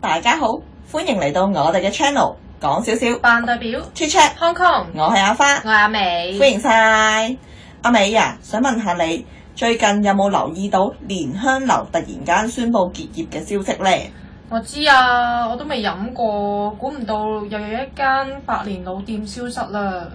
大家好，歡迎嚟到我哋嘅 channel，講少少。扮代表，Chit Chat 香港，我係阿花，我係阿美，歡迎晒阿美啊！想問下你，最近有冇留意到蓮香樓突然間宣布結業嘅消息呢？我知啊，我都未飲過，估唔到又有一間百年老店消失啦。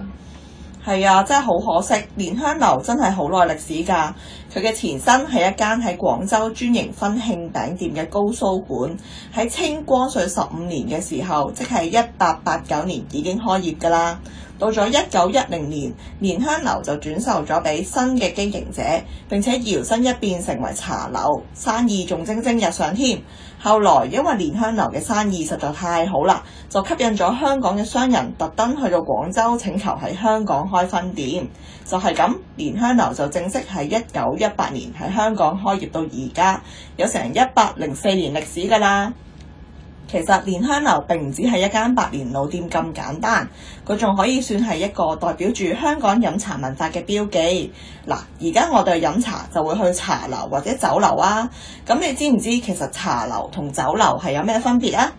係啊，真係好可惜。蓮香樓真係好耐歷史㗎，佢嘅前身係一間喺廣州專營婚慶餅店嘅高酥館，喺清光緒十五年嘅時候，即係一八八九年已經開業㗎啦。到咗一九一零年，蓮香樓就轉售咗俾新嘅經營者，並且搖身一變成為茶樓，生意仲蒸蒸日上添。後來因為蓮香樓嘅生意實在太好啦，就吸引咗香港嘅商人特登去到廣州請求喺香港開分店，就係咁。蓮香樓就正式喺一九一八年喺香港開業，到而家有成一百零四年歷史㗎啦。其實蓮香樓並唔只係一間百年老店咁簡單，佢仲可以算係一個代表住香港飲茶文化嘅標記。嗱，而家我哋飲茶就會去茶樓或者酒樓啊。咁你知唔知其實茶樓同酒樓係有咩分別啊？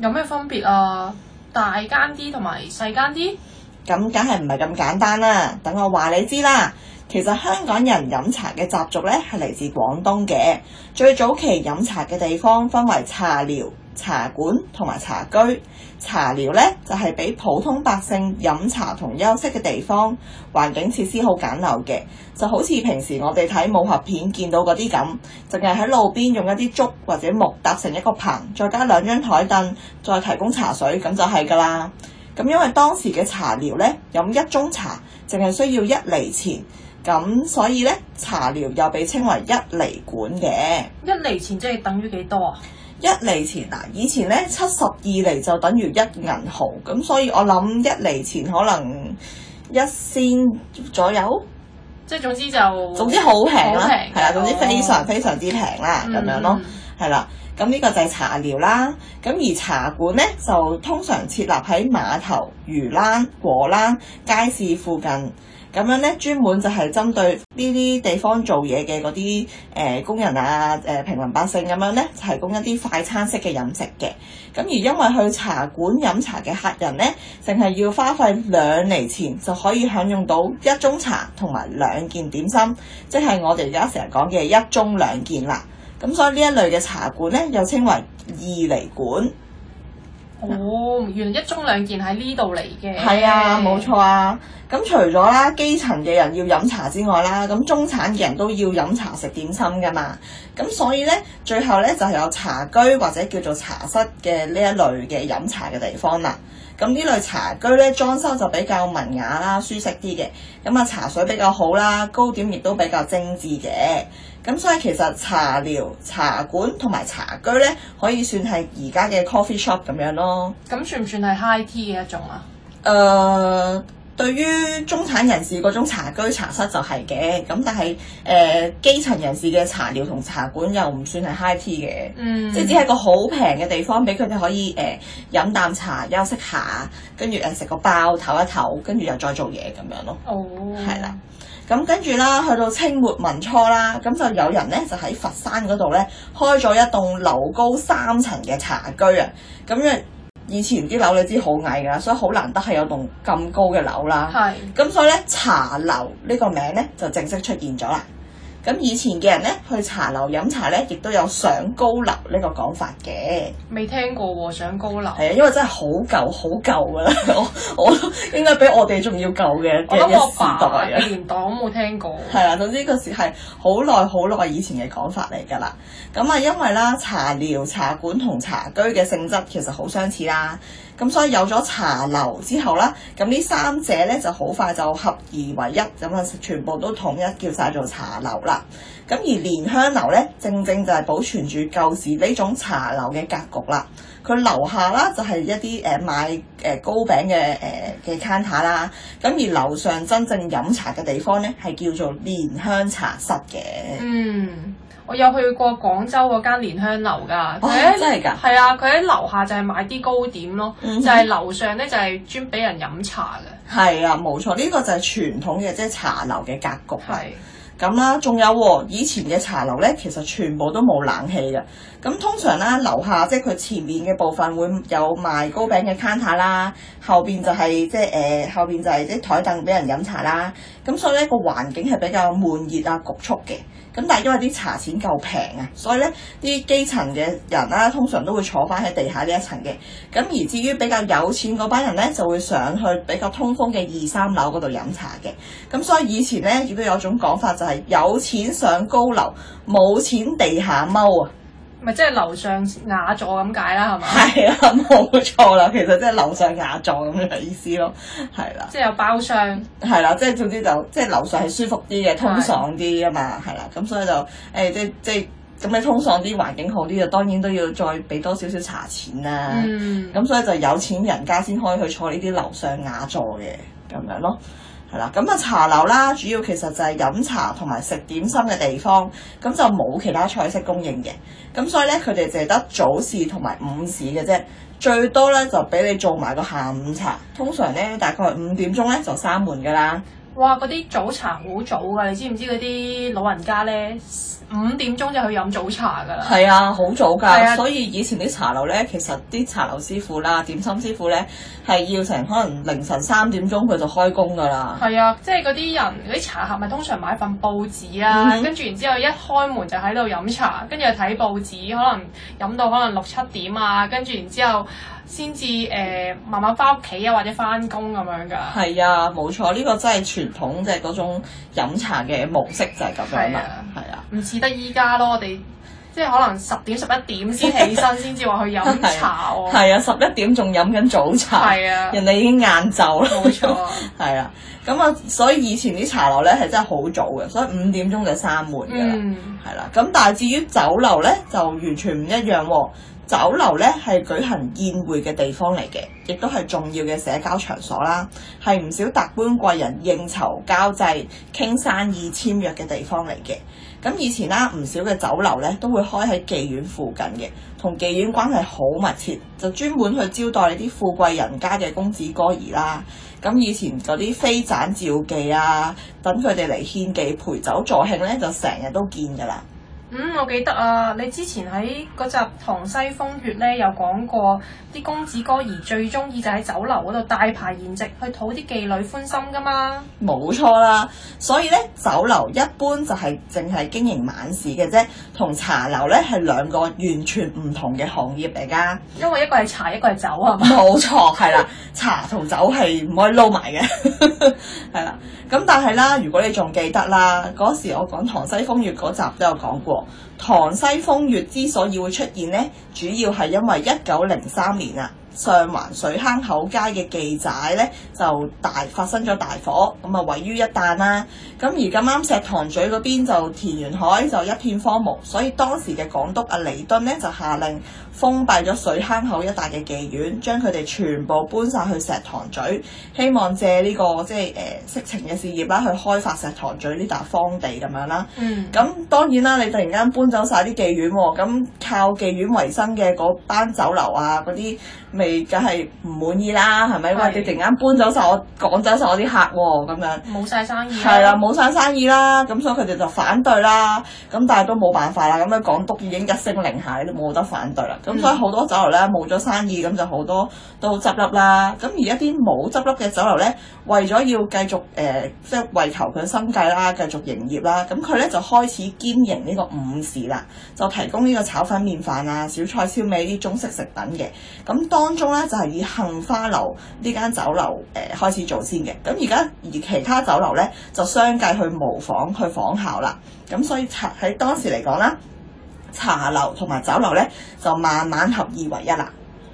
有咩分別啊？大間啲同埋細間啲？咁梗係唔係咁簡單啦。等我話你知啦。其實香港人飲茶嘅習俗呢係嚟自廣東嘅，最早期飲茶嘅地方分為茶寮、茶館同埋茶居，茶寮呢就係俾普通百姓飲茶同休息嘅地方，環境設施好簡陋嘅，就好似平時我哋睇武俠片見到嗰啲咁，淨係喺路邊用一啲竹或者木搭成一個棚，再加兩張台凳，再提供茶水，咁就係噶啦。咁因為當時嘅茶寮呢，飲一盅茶淨係需要一厘錢，咁所以呢，茶寮又被稱為一厘館嘅。一厘錢即係等於幾多啊？一厘錢嗱，以前咧七十二厘就等於一銀毫，咁所以我諗一厘錢可能一仙左右，即係總之就總之好平啦，係、哦、啦，總之非常非常之平啦，咁、嗯、樣咯，係啦。咁呢個就係茶寮啦。咁而茶館呢，就通常設立喺碼頭、魚欄、果欄、街市附近咁樣呢，專門就係針對呢啲地方做嘢嘅嗰啲誒工人啊、誒、呃、平民百姓咁樣呢，提供一啲快餐式嘅飲食嘅。咁而因為去茶館飲茶嘅客人呢，淨係要花費兩厘錢就可以享用到一盅茶同埋兩件點心，即係我哋而家成日講嘅一盅兩件啦。咁所以呢一類嘅茶館咧，又稱為二釐館。哦，原來一盅兩件喺呢度嚟嘅。係啊的，冇的錯。咁除咗啦，基層嘅人要飲茶之外啦，咁中產嘅人都要飲茶食點心㗎嘛。咁所以咧，最後咧就係有茶居或者叫做茶室嘅呢一類嘅飲茶嘅地方啦。咁呢類茶居咧，裝修就比較文雅啦、舒適啲嘅。咁啊茶水比較好啦，糕點亦都比較精緻嘅。咁、嗯、所以其實茶寮、茶館同埋茶居咧，可以算係而家嘅 coffee shop 咁樣咯。咁算唔算係 high tea 嘅一種啊？誒、呃。對於中產人士嗰種茶居茶室就係嘅，咁但係誒、呃、基層人士嘅茶寮同茶館又唔算係 high tea 嘅，即係、mm。只係個好平嘅地方俾佢哋可以誒飲啖茶，休息下，跟住誒食個包唞一唞，跟住又再做嘢咁樣咯，係啦、oh。咁跟住啦，去到清末民初啦，咁就有人咧就喺佛山嗰度咧開咗一棟樓高三層嘅茶居啊，咁樣。以前啲樓你知好矮㗎，所以好難得係有棟咁高嘅樓啦。咁是所以呢，茶樓呢個名呢，就正式出現咗啦。咁以前嘅人咧，去茶樓飲茶咧，亦都有上高樓呢個講法嘅。未聽過喎，上高樓。係啊，因為真係好舊、好舊噶啦， 我我應該比我哋仲要舊嘅嘅 時代啊、年代，我冇聽過。係啊，總之嗰時係好耐、好耐以前嘅講法嚟噶啦。咁啊，因為啦，茶寮、茶館同茶居嘅性質其實好相似啦。咁所以有咗茶樓之後啦，咁呢三者咧就好快就合二為一，咁啊全部都統一叫晒做茶樓啦。咁而蓮香樓咧，正正就係保存住舊時呢種茶樓嘅格局啦。佢樓下啦就係一啲誒賣誒糕餅嘅誒嘅 counter 啦。咁、呃、而樓上真正飲茶嘅地方咧，係叫做蓮香茶室嘅。嗯。我有去過廣州嗰間蓮香樓㗎，真係㗎？係啊，佢喺樓下就係買啲糕點咯，嗯、哼就係樓上咧就係、是、專俾人飲茶嘅。係啊，冇錯，呢、這個就係傳統嘅即係茶樓嘅格局。係咁啦，仲有、啊、以前嘅茶樓咧，其實全部都冇冷氣嘅。咁通常啦，樓下即係佢前面嘅部分會有賣糕餅嘅 counter 啦，後面就係即係誒後面就係啲枱凳俾人飲茶啦。咁所以咧個環境係比較悶熱啊，局促嘅。咁但係因為啲茶錢夠平啊，所以咧啲基層嘅人咧通常都會坐返喺地下呢一層嘅。咁而至於比較有錢嗰班人咧，就會上去比較通風嘅二三樓嗰度飲茶嘅。咁所以以前咧亦都有種講法，就係有錢上高樓，冇錢地下踎啊。咪即係樓上雅座咁解啦，係嘛？係啊，冇錯啦，其實即係樓上雅座咁樣嘅意思咯，係啦、啊。即係有包廂。係啦、啊，即係總之就即係樓上係舒服啲嘅，通爽啲是啊嘛，係啦。咁所以就誒、欸，即即咁你通爽啲，環境好啲就當然都要再俾多少少茶錢啦。咁、嗯、所以就有錢人家先可以去坐呢啲樓上雅座嘅咁樣咯。係啦，咁啊茶樓啦，主要其實就係飲茶同埋食點心嘅地方，咁就冇其他菜式供應嘅，咁所以咧佢哋淨係得早市同埋午市嘅啫，最多咧就俾你做埋個下午茶，通常咧大概五點鐘咧就閂門㗎啦。哇！嗰啲早茶好早㗎，你知唔知嗰啲老人家咧五點鐘就去飲早茶㗎喇？係啊，好早㗎，啊、所以以前啲茶樓咧，其實啲茶樓師傅啦、點心師傅咧，係要成可能凌晨三點鐘佢就開工㗎喇。係啊，即係嗰啲人嗰啲茶客咪通常買份報紙啊，跟住 然之後一開門就喺度飲茶，跟住又睇報紙，可能飲到可能六七點啊，跟住然之後。先至誒慢慢翻屋企啊，或者翻工咁樣噶。係啊，冇錯，呢個真係傳統即係嗰種飲茶嘅模式就係咁樣啦，係啊，唔似得依家咯，我哋即係可能十點十一點先起身，先至話去飲茶喎。係啊，十一點仲飲緊早茶，啊、人哋已經晏晝啦，冇錯。係啊，咁 啊，所以以前啲茶樓咧係真係好早嘅，所以五點鐘就閂門㗎，係啦、嗯。咁、啊、但係至於酒樓咧就完全唔一樣喎。酒樓咧係舉行宴會嘅地方嚟嘅，亦都係重要嘅社交場所啦，係唔少達官貴人應酬交際、傾生意、簽約嘅地方嚟嘅。咁以前啦，唔少嘅酒樓咧都會開喺妓院附近嘅，同妓院關係好密切，就專門去招待你啲富貴人家嘅公子哥兒啦。咁以前嗰啲飛盞召妓啊，等佢哋嚟獻妓陪酒助慶咧，就成日都見㗎啦。嗯，我記得啊，你之前喺嗰集《塘西風月》咧，有講過啲公子哥兒最中意就喺酒樓嗰度大排筵席去討啲妓，妓女歡心㗎嘛？冇錯啦，所以咧酒樓一般就係淨係經營晚市嘅啫，同茶樓咧係兩個完全唔同嘅行業嚟㗎。因為一個係茶，一個係酒啊嘛。冇錯錯，係 啦，茶同酒係唔可以撈埋嘅，係 啦。咁但係啦，如果你仲記得啦，嗰時我講《塘西風月》嗰集都有講過。唐西風月之所以會出現呢主要係因為一九零三年啊，上環水坑口街嘅妓寨呢就大發生咗大火，咁啊毀於一旦啦。咁而咁啱石塘咀嗰邊就填完海就一片荒蕪，所以當時嘅港督阿彌敦呢就下令。封閉咗水坑口一帶嘅妓院，將佢哋全部搬晒去石塘咀，希望借呢個即係誒、呃、色情嘅事業啦，去開發石塘咀呢笪荒地咁樣啦。嗯。咁當然啦，你突然間搬走晒啲妓院喎，咁靠妓院為生嘅嗰班酒樓啊，嗰啲咪梗係唔滿意啦，係咪？是因為你突然間搬走晒我趕走晒我啲客喎，咁樣。冇晒生意。係啦，冇晒生意啦，咁所以佢哋就反對啦。咁但係都冇辦法啦，咁樣港督已經一聲令下，都冇得反對啦。咁、嗯、所以好多酒樓咧冇咗生意，咁就好多都執笠啦。咁而一啲冇執笠嘅酒樓咧，為咗要繼續誒，即、呃、係為求佢生計啦，繼續營業啦，咁佢咧就開始兼營呢個午市啦，就提供呢個炒粉麵飯啊、小菜燒、燒味啲中式食品嘅。咁當中咧就係、是、以杏花樓呢間酒樓誒、呃、開始先做先嘅。咁而家而其他酒樓咧就相繼去模仿去仿效啦。咁所以喺當時嚟講啦。茶樓同埋酒樓咧，就慢慢合二為一啦。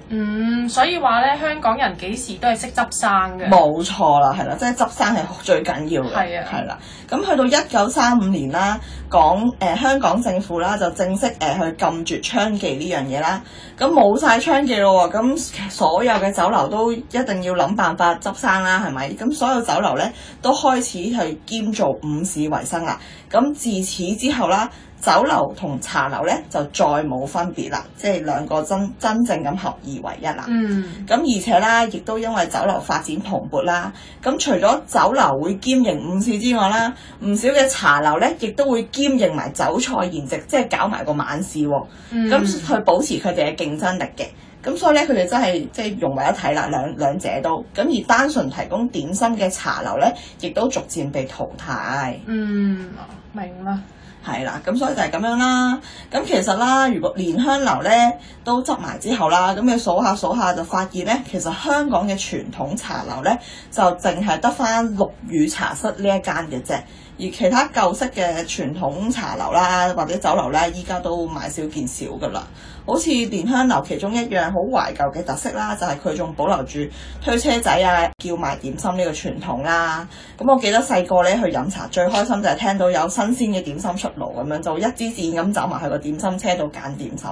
嗯，所以話咧，香港人幾時都係識執生嘅。冇錯啦，係啦，即係執生係最緊要嘅。係啊的，係啦。咁去到一九三五年啦，港誒、呃、香港政府啦就正式誒去、呃、禁住娼妓呢樣嘢啦。咁冇晒娼妓咯，咁所有嘅酒樓都一定要諗辦法執生啦，係咪？咁所有酒樓咧都開始去兼做午市為生啦。咁自此之後啦。酒樓同茶樓咧就再冇分別啦，即係兩個真真正咁合二為一啦。嗯。咁而且咧，亦都因為酒樓發展蓬勃啦，咁除咗酒樓會兼營午市之外啦，唔少嘅茶樓咧亦都會兼營埋酒菜宴席，即係搞埋個晚市喎、啊嗯嗯。嗯。咁去保持佢哋嘅競爭力嘅，咁所以咧佢哋真係即係融為一體啦，兩兩者都。咁而單純提供點心嘅茶樓咧，亦都逐漸被淘汰。嗯，明啦。係啦，咁所以就係咁樣啦。咁其實啦，如果蓮香樓咧都執埋之後啦，咁你數下數下就發現咧，其實香港嘅傳統茶樓咧就淨係得翻陸羽茶室呢一間嘅啫。而其他舊式嘅傳統茶樓啦，或者酒樓呢，依家都買少見少㗎啦。好似蓮香樓其中一樣好懷舊嘅特色啦，就係佢仲保留住推車仔啊，叫賣點心呢個傳統啦。咁我記得細個呢去飲茶最開心就係聽到有新鮮嘅點心出爐咁樣，就一支箭咁走埋去個點心車度揀點心，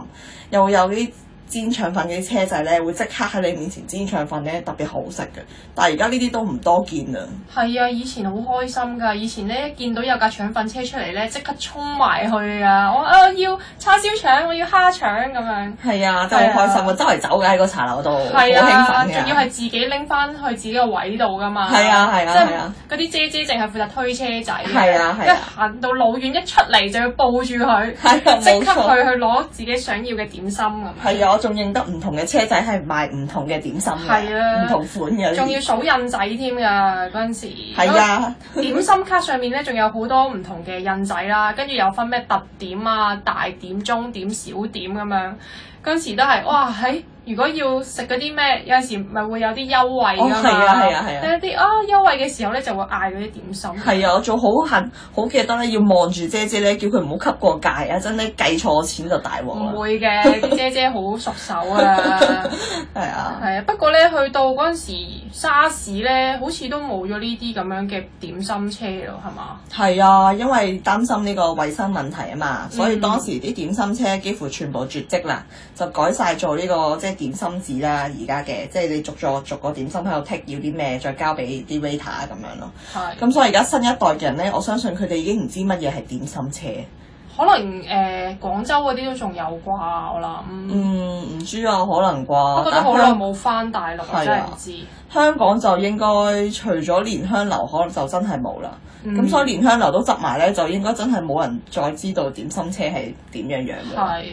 又會有啲。煎腸粉嘅車仔咧，會即刻喺你面前煎腸粉咧，特別好食嘅。但係而家呢啲都唔多見啦。係啊，以前好開心㗎。以前咧見到有架腸粉車出嚟咧，即刻衝埋去啊！我啊要叉燒腸，我要蝦腸咁樣。係啊，真係好開心啊！周圍走嘅喺個茶樓度，好興奮嘅。仲要係自己拎翻去自己個位度㗎嘛。係啊係啊係啊！嗰啲姐姐淨係負責推車仔。係啊係啊！行到老遠一出嚟就要抱住佢，即刻去去攞自己想要嘅點心咁。係啊！仲認得唔同嘅車仔係賣唔同嘅點心㗎，係啊，唔同款嘅，仲要數印仔添㗎嗰陣時。係啊，點心卡上面咧，仲有好多唔同嘅印仔啦，跟住 有分咩特點啊、大點、中點、小點咁樣。嗰陣時都係哇喺～、哎如果要食嗰啲咩，有陣時咪會有啲優惠㗎嘛，啲一啲啊優惠嘅時候咧就會嗌嗰啲點心。係啊，我仲好恨好記得咧，要望住姐姐咧，叫佢唔好吸過界啊！真係計錯錢就大鑊。唔會嘅，啲 姐姐好熟手啊。係啊 的。係啊，不過咧去到嗰陣時沙士咧，好似都冇咗呢啲咁樣嘅點心車咯，係嘛？係啊，因為擔心呢個衞生問題啊嘛，所以當時啲點心車幾乎全部絕跡啦、嗯這個，就改晒做呢個即點心紙啦，而家嘅即係你逐咗逐個點心喺度剔，要啲咩，再交俾啲 waiter 咁樣咯。係。咁所以而家新一代嘅人咧，我相信佢哋已經唔知乜嘢係點心車。可能誒，廣州嗰啲都仲有啩，我諗。嗯，唔知啊，可能啩。我覺得好耐冇翻大陸，啊、我真係唔知。香港就應該除咗蓮香樓，可能就真係冇啦。咁、嗯、所以蓮香樓都執埋咧，就應該真係冇人再知道點心車係點樣樣。係。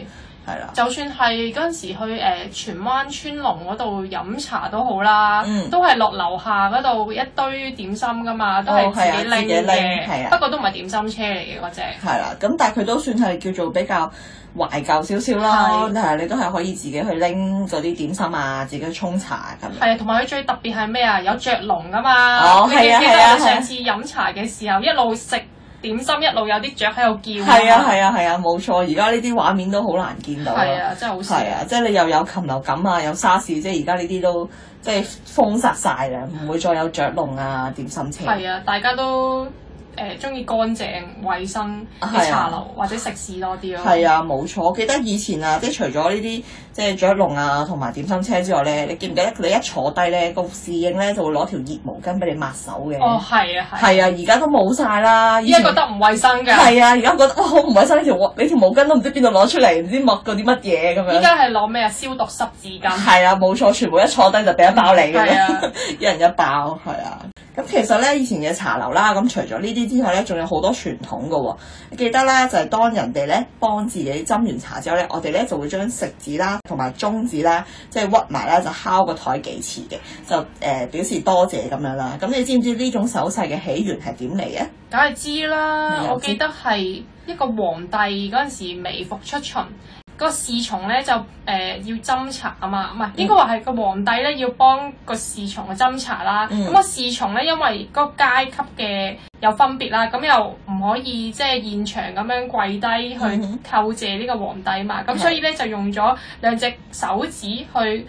係啦，Yeah. 就算係嗰陣時去誒荃灣川龍嗰度飲茶好、mm. 都好啦，都係落樓下嗰度一堆點心噶嘛，oh, 都係自己拎嘅。係啊、uh,，不過都唔係點心車嚟嘅嗰隻。係啦，咁 incoming Så on 但係佢都算係叫做比較懷舊少少啦。的但係你都係可以自己去拎嗰啲點心啊，uh, thank 自己去沖茶咁。係啊，同埋佢最特別係咩啊？有雀龍噶嘛。哦，oh, 記得我上次飲茶嘅時候一路食。點心一路有啲雀喺度叫，啊，係啊，係啊，係啊，冇錯，而家呢啲畫面都好難見到啊，啦。係啊，真係好犀利，即係你又有禽流感啊，有沙士，即係而家呢啲都即係封殺晒啦，唔會再有雀籠啊點心車。係啊，大家都。誒中意乾淨、衞生茶樓、啊、或者食肆多啲咯。係啊，冇錯。記得以前啊，即係除咗呢啲即係雀籠啊同埋點心車之外咧，你記唔記得佢哋一,一坐低咧，個侍應咧就會攞條熱毛巾俾你抹手嘅。哦，係啊，係。啊，而家、啊、都冇晒啦。而家覺得唔衞生㗎。係啊，而家覺得好唔衞生！呢條你條毛巾都唔知邊度攞出嚟，唔知抹過啲乜嘢咁樣。依家係攞咩啊？消毒濕紙巾。係啊，冇錯，全部一坐低就俾一包你嘅，一、嗯啊、 人一包，係啊。咁其實咧，以前嘅茶樓啦，咁除咗呢啲之外咧，仲有好多傳統㗎喎。記得咧，就係當人哋咧幫自己斟完茶之後咧，我哋咧就會將食指啦同埋中指啦，即係屈埋啦，就敲個台幾次嘅，就誒表示多謝咁樣啦。咁你知唔知呢種手勢嘅起源係點嚟嘅？梗係知啦，知我記得係一個皇帝嗰陣時微服出巡。個侍從咧就誒、呃、要斟茶啊嘛，唔係應該話係個皇帝咧要幫個侍從去斟茶啦。咁個侍從咧因為個階級嘅有分別啦，咁又唔可以即係現場咁樣跪低去叩謝呢個皇帝嘛。咁、嗯、所以咧就用咗兩隻手指去，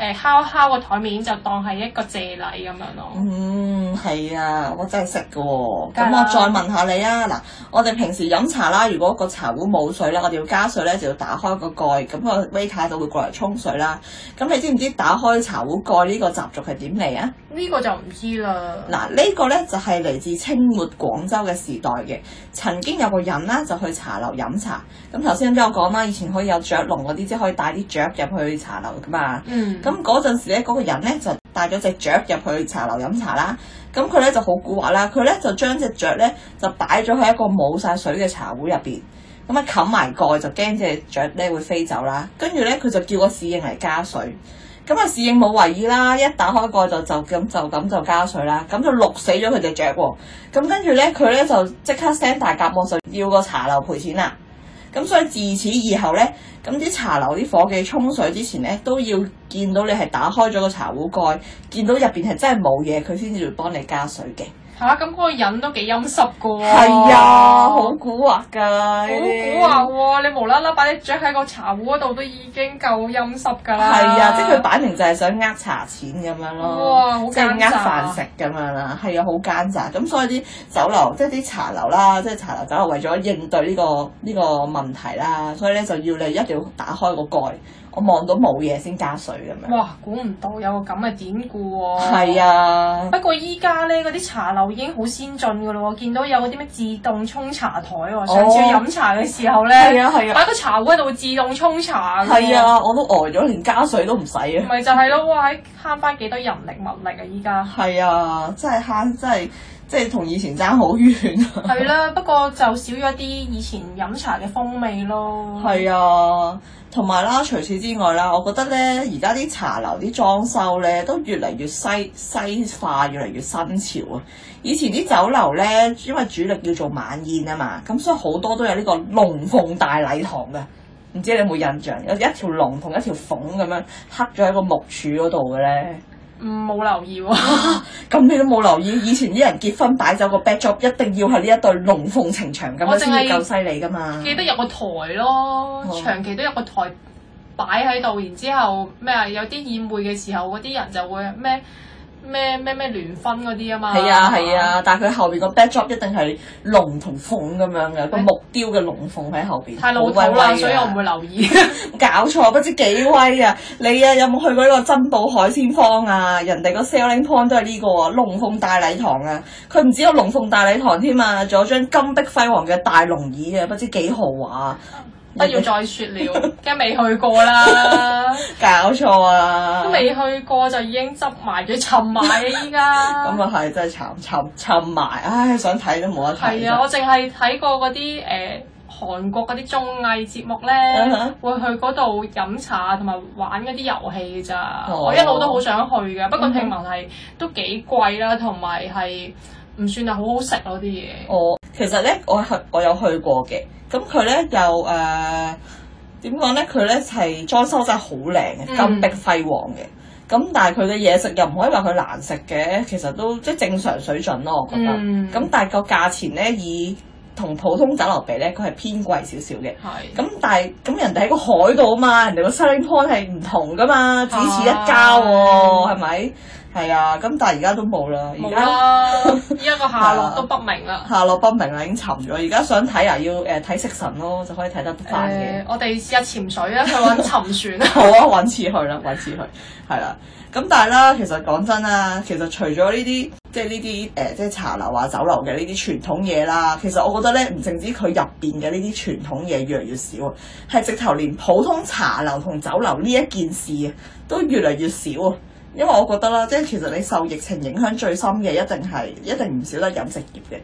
誒，敲敲個台面，就當係一個謝禮咁樣咯。嗯，係啊，我真係識㗎喎。咁、啊、我再問下你啊，嗱，我哋平時飲茶啦，如果個茶壺冇水啦，我哋要加水咧，就要打開個蓋，咁、個 waiter 就會過嚟沖水啦。咁你知唔知打開茶壺蓋呢個習俗係點嚟啊？呢個就唔知啦。嗱，呢個咧就係嚟自清末廣州嘅時代嘅，曾經有個人啦，就去茶樓飲茶。咁頭先都有講啦，以前可以有雀籠嗰啲，即係可以帶啲雀入去茶樓噶嘛。嗯。咁嗰陣時咧，嗰個人咧就帶咗隻雀入去茶樓飲茶啦。咁佢咧就好古惑啦，佢咧就將隻雀咧就擺咗喺一個冇晒水嘅茶壺入邊，咁啊冚埋蓋就驚隻雀咧會飛走啦。跟住咧，佢就叫個侍應嚟加水。咁啊！侍應冇為意啦，一打開蓋就就咁就咁就加水啦，咁就濾死咗佢隻雀喎。咁跟住咧，佢咧就即刻聲大夾我，就，我就要個茶樓賠錢啦。咁所以自此以後咧，咁啲茶樓啲伙記沖水之前咧，都要見到你係打開咗個茶壺蓋，見到入邊係真係冇嘢，佢先至會幫你加水嘅。嚇！咁嗰、啊、個人都幾陰濕噶喎，係啊，啊啊好古惑噶，好古惑喎！你無啦啦擺啲雀喺個茶壺嗰度都已經夠陰濕噶啦、啊，係啊！即係佢擺明就係想呃茶錢咁樣咯，即係呃飯食咁樣啦，係啊，好奸詐！咁、啊、所以啲酒樓的即係啲茶樓啦，即係茶樓酒樓為咗應對呢、呢個呢、呢個問題啦，所以咧就要你一定要打開個蓋。我望到冇嘢先加水咁樣。哇！估唔到，啊啊、到有個咁嘅典故喎。係啊。不過依家咧，嗰啲茶樓已經好先進噶咯喎，見到有嗰啲咩自動沖茶台喎、啊，哦、上次飲茶嘅時候咧，擺、啊啊、個茶壺喺度自動沖茶。係啊，我都呆、呃、咗，連加水都唔使啊。咪 就係咯，哇！慳翻幾多人力物力啊依家。係啊，真係慳，真係。即係同以前差好遠啊！係啦，不過就少咗啲以前飲茶嘅風味咯。係啊，同埋啦，除此之外啦，我覺得咧，而家啲茶樓啲裝修咧都越嚟越西西化，越嚟越新潮啊！以前啲酒樓咧，因為主力要做晚宴啊嘛，咁所以好多都有呢個龍鳳大禮堂嘅，唔知你有冇印象？有一條龍同一條鳳咁樣刻咗喺個木柱嗰度嘅咧。唔，冇留意喎。咁你都冇留意，以前啲人結婚擺酒個 backdrop 一定要係呢一對龍鳳呈祥咁樣先夠犀利噶嘛。記得有個台咯，哦、長期都有個台擺喺度，然之後咩啊？有啲宴會嘅時候，嗰啲人就會咩？咩咩咩聯婚嗰啲啊嘛，係啊係啊，啊啊但係佢後邊個 backdrop 一定係龍同鳳咁樣嘅個麼木雕嘅龍鳳喺後邊，太老貴土啦，了所以我唔會留意。 搞錯，不知幾威啊！ 你啊有冇去過呢個珍寶海鮮舫啊？人哋個 selling point 都係呢個啊，龍鳳大禮堂啊，佢唔止有龍鳳大禮堂添啊，仲有張金碧輝煌嘅大龍椅啊，不知幾豪華。不要再說了，梗係未去過啦！ 搞錯啊了！都未去過就已經執埋咗，沉埋啊！依家咁啊係真係慘沉沉埋，唉想睇都冇得睇。係啊，我淨係睇過嗰啲誒韓國嗰啲綜藝節目咧，uh huh. 會去嗰度飲茶同埋玩嗰啲遊戲咋。Oh. 我一路都好想去㗎，不過聽聞係都幾貴啦，同埋係。唔算係好好食咯啲嘢。我其實咧，我去我有去過嘅，咁佢咧又誒點講咧？佢咧係裝修真係好靚嘅，嗯、金碧輝煌嘅。咁但係佢嘅嘢食又唔可以話佢難食嘅，其實都即係正常水準咯、啊，我覺得。咁、嗯、但係個價錢咧，以同普通酒樓比咧，佢係偏貴少少嘅。係是。咁但係咁人哋喺個海度啊嘛，人哋個 selling point 係唔同噶嘛，只此一家喎、啊，係咪嗎？係啊，咁但係而家都冇啦，而家依家個下落都不明啦， 啊、下落不明啦，已經沉咗。而家想睇啊，要誒睇食神咯，就可以睇得得翻嘅。我哋試下潛水啊， 去搵沉船。 好啊，搵次去啦，搵次去。係 啦、啊，咁但係啦，其實講真啊，其實除咗呢啲即係呢啲誒，即係、呃、茶樓啊、酒樓嘅呢啲傳統嘢啦，其實我覺得咧，唔淨止佢入邊嘅呢啲傳統嘢越嚟越少，係直頭連普通茶樓同酒樓呢一件事都越嚟越少啊！因為我覺得啦，即係其實你受疫情影響最深嘅，一定係一定唔少得飲食業嘅。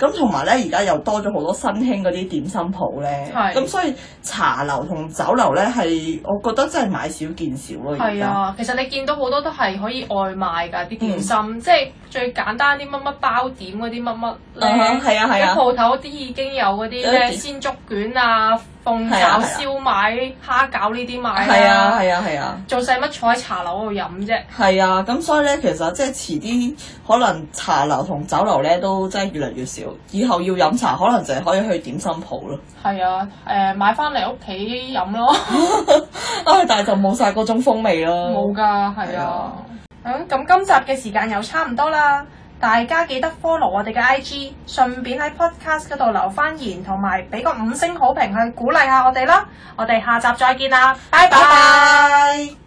咁同埋咧，而家又多咗好多新興嗰啲點心鋪咧，咁所以茶樓同酒樓咧係，我覺得真係買少見少咯。係啊，其實你見到好多都係可以外賣㗎啲點心，即係最簡單啲乜乜包點嗰啲乜乜咧，啲鋪頭啲已經有嗰啲咩鮮竹卷啊、鳳爪、燒賣、蝦餃呢啲賣啊，係啊係啊係啊，做曬乜坐喺茶樓度飲啫。係啊，咁所以咧，其實即係遲啲可能茶樓同酒樓咧都真係越嚟越少。以後要飲茶，可能就係可以去點心鋪咯。係啊，誒、呃，買翻嚟屋企飲咯。唉、 哎，但係就冇晒嗰種風味咯。冇噶，係啊。咁、嗯、今集嘅時間又差唔多啦，大家記得 follow 我哋嘅 IG，順便喺 podcast 嗰度留翻言，同埋俾個五星好評去鼓勵下我哋啦。我哋下集再見啦，拜拜。拜拜。